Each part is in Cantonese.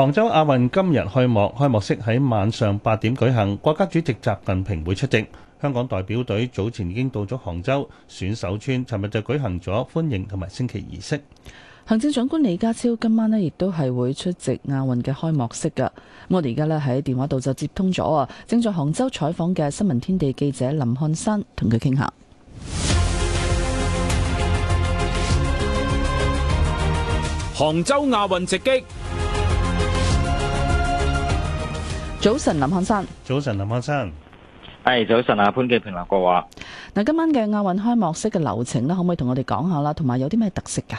杭州亞運今日開幕，開幕式喺晚上八點舉行。國家主席習近平會出席。香港代表隊早前已經到咗杭州選手村，尋日就舉行咗歡迎同埋升旗儀式。行政長官李家超今晚呢亦都係會出席亞運嘅開幕式㗎。我哋而家呢喺電話度就接通咗啊，正在杭州採訪嘅新聞天地記者林漢山同佢傾下。杭州亞運直擊。早晨，林漢山，早晨，林漢山，係、hey, 早晨啊，潘紀平立國華。嗱，今晚嘅亞運開幕式嘅流程咧，可唔可以同我哋講下啦？同埋有啲咩特色噶？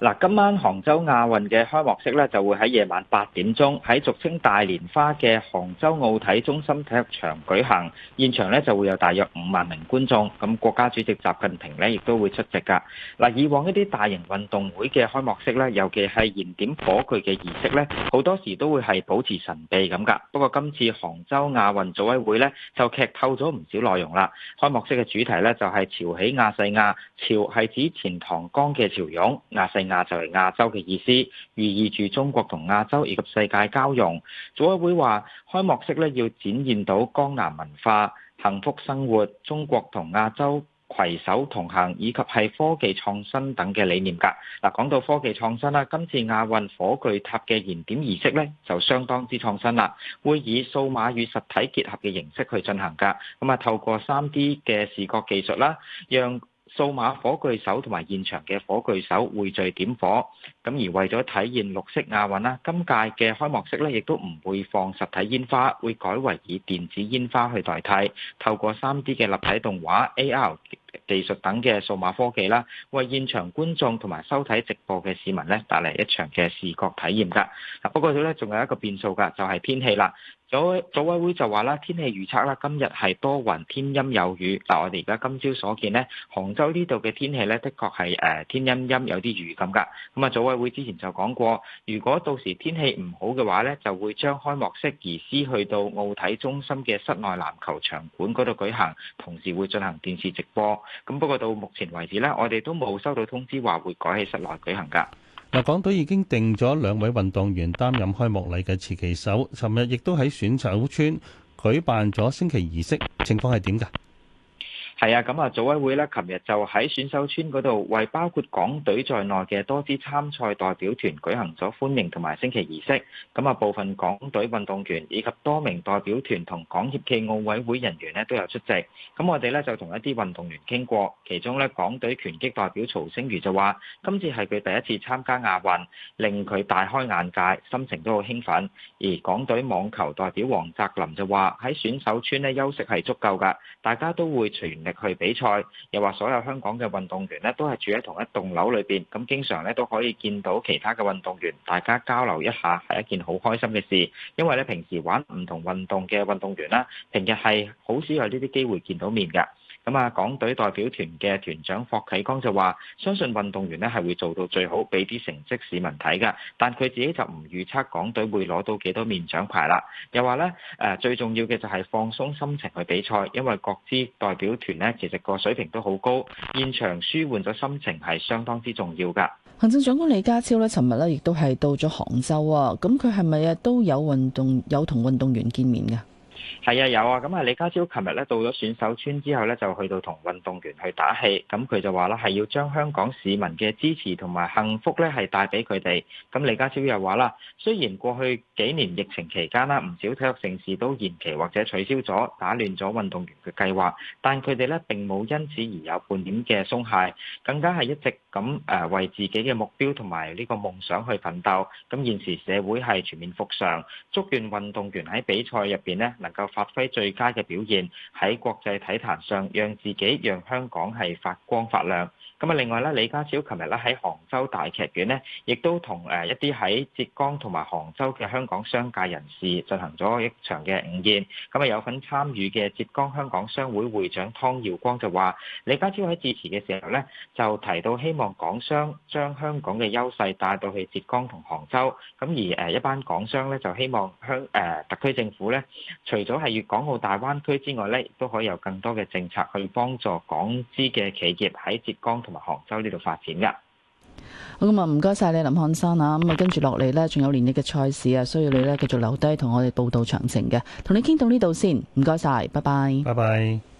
嗱，今晚杭州亞運嘅開幕式咧，就會喺夜晚八點鐘喺俗稱大蓮花嘅杭州奧體中心體育場舉行。現場呢，就會有大約五萬名觀眾，咁國家主席習近平呢，亦都會出席㗎。嗱，以往一啲大型運動會嘅開幕式呢，尤其係燃點火炬嘅儀式呢，好多時都會係保持神秘咁㗎。不過今次杭州亞運組委會呢，就劇透咗唔少內容啦。開幕式嘅主題呢，就係潮起亞細亞，潮係指錢塘江嘅潮湧。亞細。亞就係亞洲嘅意思，寓意住中國同亞洲以及世界交融。組委會話，開幕式咧要展現到江南文化、幸福生活、中國同亞洲攜手同行，以及係科技創新等嘅理念㗎。嗱，講到科技創新啦，今次亞運火炬塔嘅燃點儀式咧就相當之創新啦，會以數碼與實體結合嘅形式去進行㗎。咁啊，透過三 D 嘅視覺技術啦，讓數碼火炬手同埋現場嘅火炬手匯聚點火，咁而為咗體現綠色亞運啦，今屆嘅開幕式咧，亦都唔會放實體煙花，會改為以電子煙花去代替，透過 3D 嘅立體動畫 AR，技術等嘅數碼科技啦，為現場觀眾同埋收睇直播嘅市民咧，帶嚟一場嘅視覺體驗噶。嗱，不過呢，仲有一個變數噶，就係天氣啦。組委會就話啦，天氣預測啦，今日係多雲天陰有雨。嗱，我哋而家今朝所見呢，杭州呢度嘅天氣呢，的確係誒天陰陰有啲雨咁噶。咁啊，組委會之前就講過，如果到時天氣唔好嘅話呢，就會將開幕式移師去到奧體中心嘅室內籃球場館嗰度舉行，同時會進行電視直播。咁不過到目前為止咧，我哋都冇收到通知話會改喺室內舉行㗎。嗱，港隊已經定咗兩位運動員擔任開幕禮嘅持旗手，尋日亦都喺選手村舉辦咗升旗儀式，情況係點㗎？係啊，咁啊，組委會咧，琴日就喺選手村嗰度，為包括港隊在內嘅多支參賽代表團舉行咗歡迎同埋升旗儀式。咁啊，部分港隊運動員以及多名代表團同港協暨奧委會人員呢都有出席。咁我哋咧就同一啲運動員傾過，其中咧港隊拳擊代表曹星如就話：今次係佢第一次參加亞運，令佢大開眼界，心情都好興奮。而港隊網球代表王澤林就話：喺選手村呢，休息係足夠㗎，大家都會隨，佢去比賽，又話所有香港嘅運動員咧都係住喺同一棟樓裏邊，咁經常咧都可以見到其他嘅運動員，大家交流一下係一件好開心嘅事，因為咧平時玩唔同運動嘅運動員啦，平日係好少有呢啲機會見到面㗎。咁啊，港隊代表團嘅團長霍啟剛就話：相信運動員咧係會做到最好，俾啲成績市民睇噶。但佢自己就唔預測港隊會攞到幾多面獎牌啦。又話咧，誒，最重要嘅就係放鬆心情去比賽，因為各支代表團咧其實個水平都好高。現場舒緩咗心情係相當之重要噶。行政長官李家超咧，尋日咧亦都係到咗杭州啊。咁佢係咪啊都有運動有同運動員見面噶？係啊，有啊，咁啊，李家超琴日咧到咗選手村之後咧，就去到同運動員去打氣。咁佢就話啦，係要將香港市民嘅支持同埋幸福咧，係帶俾佢哋。咁李家超又話啦，雖然過去幾年疫情期間啦，唔少體育盛事都延期或者取消咗，打亂咗運動員嘅計劃，但佢哋咧並冇因此而有半點嘅鬆懈，更加係一直咁誒為自己嘅目標同埋呢個夢想去奮鬥。咁現時社會係全面復常，祝願運動員喺比賽入邊呢。能。就發揮最佳嘅表現喺國際體壇上，讓自己、讓香港係發光發亮。咁啊，另外咧，李家超琴日咧喺杭州大劇院呢，亦都同誒一啲喺浙江同埋杭州嘅香港商界人士進行咗一場嘅午宴。咁啊，有份參與嘅浙江香港商會會長湯耀光就話：李家超喺致辭嘅時候咧，就提到希望港商將香港嘅優勢帶到去浙江同杭州。咁而誒一班港商咧就希望香誒特區政府咧，除除咗係粵港澳大灣區之外呢，都可以有更多嘅政策去幫助港資嘅企業喺浙江同埋杭州呢度發展㗎。好，咁啊，唔該晒你林漢山啊，咁啊跟住落嚟呢，仲有連日嘅賽事啊，需要你呢繼續留低同我哋報道詳情嘅。同你傾到呢度先，唔該晒，拜拜，拜拜。